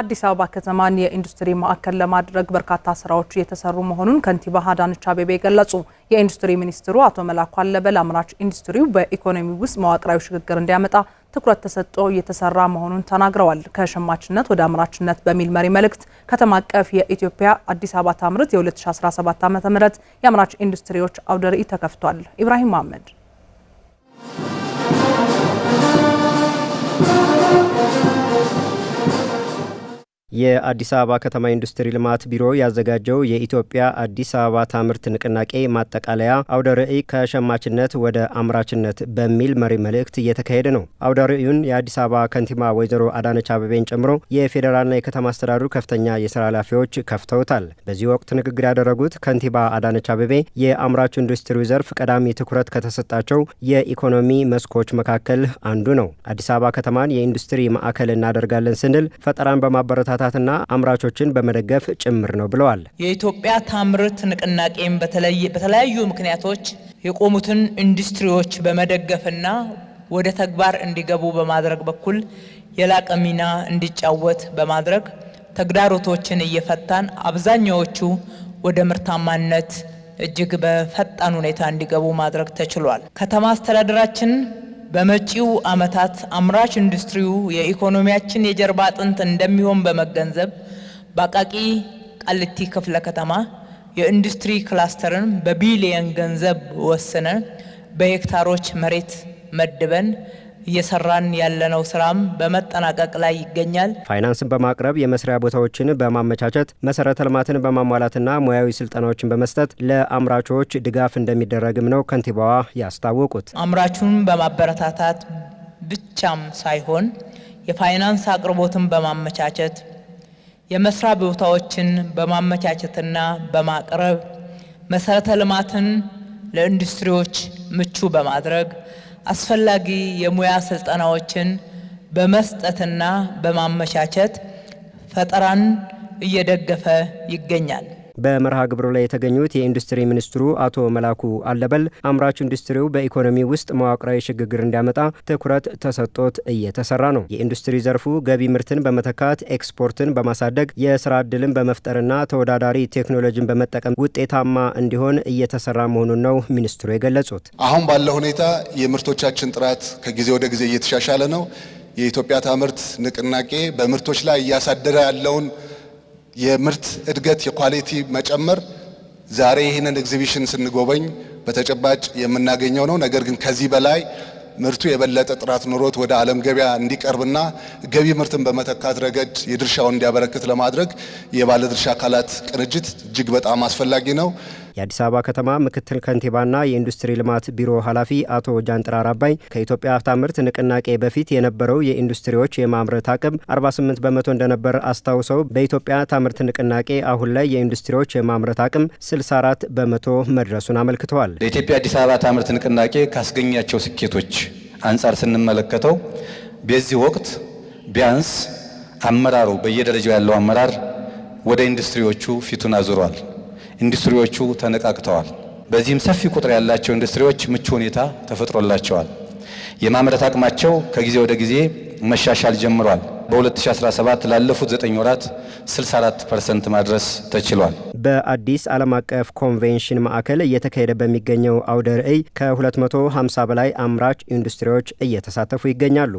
አዲስ አበባ ከተማን የኢንዱስትሪ ማዕከል ለማድረግ በርካታ ስራዎች እየተሰሩ መሆኑን ከንቲባ አዳነች አቤቤ ገለጹ። የኢንዱስትሪ ሚኒስትሩ አቶ መላኩ አለበል አምራች ኢንዱስትሪው በኢኮኖሚ ውስጥ መዋቅራዊ ሽግግር እንዲያመጣ ትኩረት ተሰጥቶ እየተሰራ መሆኑን ተናግረዋል። ከሸማችነት ወደ አምራችነት በሚል መሪ መልእክት ከተማ አቀፍ የኢትዮጵያ አዲስ አበባ ታምርት የ2017 ዓ.ም የአምራች ኢንዱስትሪዎች አውደ ርዕይ ተከፍቷል። ኢብራሂም መሐመድ የአዲስ አበባ ከተማ ኢንዱስትሪ ልማት ቢሮ ያዘጋጀው የኢትዮጵያ አዲስ አበባ ታምርት ንቅናቄ ማጠቃለያ አውደ ርዕይ ከሸማችነት ወደ አምራችነት በሚል መሪ መልእክት እየተካሄደ ነው። አውደ ርዕዩን የአዲስ አበባ ከንቲባ ወይዘሮ አዳነች አበቤን ጨምሮ የፌዴራልና የከተማ አስተዳደሩ ከፍተኛ የስራ ኃላፊዎች ከፍተውታል። በዚህ ወቅት ንግግር ያደረጉት ከንቲባ አዳነች አበቤ የአምራቹ ኢንዱስትሪ ዘርፍ ቀዳሚ ትኩረት ከተሰጣቸው የኢኮኖሚ መስኮች መካከል አንዱ ነው። አዲስ አበባ ከተማን የኢንዱስትሪ ማዕከል እናደርጋለን ስንል ፈጠራን በማበረታታ ማንሳትና አምራቾችን በመደገፍ ጭምር ነው ብለዋል። የኢትዮጵያ ታምርት ንቅናቄም በተለያዩ ምክንያቶች የቆሙትን ኢንዱስትሪዎች በመደገፍና ወደ ተግባር እንዲገቡ በማድረግ በኩል የላቀ ሚና እንዲጫወት በማድረግ ተግዳሮቶችን እየፈታን አብዛኛዎቹ ወደ ምርታማነት እጅግ በፈጣን ሁኔታ እንዲገቡ ማድረግ ተችሏል። ከተማ አስተዳደራችን በመጪው ዓመታት አምራች ኢንዱስትሪው የኢኮኖሚያችን የጀርባ አጥንት እንደሚሆን በመገንዘብ በአቃቂ ቃሊቲ ክፍለ ከተማ የኢንዱስትሪ ክላስተርን በቢሊየን ገንዘብ ወስነን በሄክታሮች መሬት መድበን እየሰራን ያለነው ስራም በመጠናቀቅ ላይ ይገኛል። ፋይናንስን በማቅረብ የመስሪያ ቦታዎችን በማመቻቸት መሰረተ ልማትን በማሟላትና ሙያዊ ስልጠናዎችን በመስጠት ለአምራቾች ድጋፍ እንደሚደረግም ነው ከንቲባዋ ያስታወቁት። አምራቹን በማበረታታት ብቻም ሳይሆን የፋይናንስ አቅርቦትን በማመቻቸት የመስሪያ ቦታዎችን በማመቻቸትና በማቅረብ መሰረተ ልማትን ለኢንዱስትሪዎች ምቹ በማድረግ አስፈላጊ የሙያ ስልጠናዎችን በመስጠትና በማመቻቸት ፈጠራን እየደገፈ ይገኛል። በመርሃ ግብሩ ላይ የተገኙት የኢንዱስትሪ ሚኒስትሩ አቶ መላኩ አለበል አምራች ኢንዱስትሪው በኢኮኖሚ ውስጥ መዋቅራዊ ሽግግር እንዲያመጣ ትኩረት ተሰጥቶት እየተሰራ ነው። የኢንዱስትሪ ዘርፉ ገቢ ምርትን በመተካት ኤክስፖርትን በማሳደግ የስራ ዕድልን በመፍጠርና ተወዳዳሪ ቴክኖሎጂን በመጠቀም ውጤታማ እንዲሆን እየተሰራ መሆኑን ነው ሚኒስትሩ የገለጹት። አሁን ባለው ሁኔታ የምርቶቻችን ጥራት ከጊዜ ወደ ጊዜ እየተሻሻለ ነው። የኢትዮጵያ ታምርት ንቅናቄ በምርቶች ላይ እያሳደረ ያለውን የምርት እድገት የኳሊቲ መጨመር ዛሬ ይህንን ኤግዚቢሽን ስንጎበኝ በተጨባጭ የምናገኘው ነው። ነገር ግን ከዚህ በላይ ምርቱ የበለጠ ጥራት ኑሮት ወደ ዓለም ገበያ እንዲቀርብና ገቢ ምርትን በመተካት ረገድ የድርሻውን እንዲያበረክት ለማድረግ የባለድርሻ አካላት ቅንጅት እጅግ በጣም አስፈላጊ ነው። የአዲስ አበባ ከተማ ምክትል ከንቲባና የኢንዱስትሪ ልማት ቢሮ ኃላፊ አቶ ጃንጥራ አባይ ከኢትዮጵያ ምርት ንቅናቄ በፊት የነበረው የኢንዱስትሪዎች የማምረት አቅም 48 በመቶ እንደነበር አስታውሰው በኢትዮጵያ ታምርት ንቅናቄ አሁን ላይ የኢንዱስትሪዎች የማምረት አቅም 64 በመቶ መድረሱን አመልክተዋል። ለኢትዮጵያ አዲስ አበባ ታምርት ንቅናቄ ካስገኛቸው ስኬቶች አንጻር ስንመለከተው በዚህ ወቅት ቢያንስ አመራሩ በየደረጃው ያለው አመራር ወደ ኢንዱስትሪዎቹ ፊቱን አዙሯል። ኢንዱስትሪዎቹ ተነቃቅተዋል። በዚህም ሰፊ ቁጥር ያላቸው ኢንዱስትሪዎች ምቹ ሁኔታ ተፈጥሮላቸዋል። የማምረት አቅማቸው ከጊዜ ወደ ጊዜ መሻሻል ጀምሯል። በ2017 ላለፉት 9 ወራት 64 ፐርሰንት ማድረስ ተችሏል። በአዲስ ዓለም አቀፍ ኮንቬንሽን ማዕከል እየተካሄደ በሚገኘው አውደ ርዕይ ከ250 በላይ አምራች ኢንዱስትሪዎች እየተሳተፉ ይገኛሉ።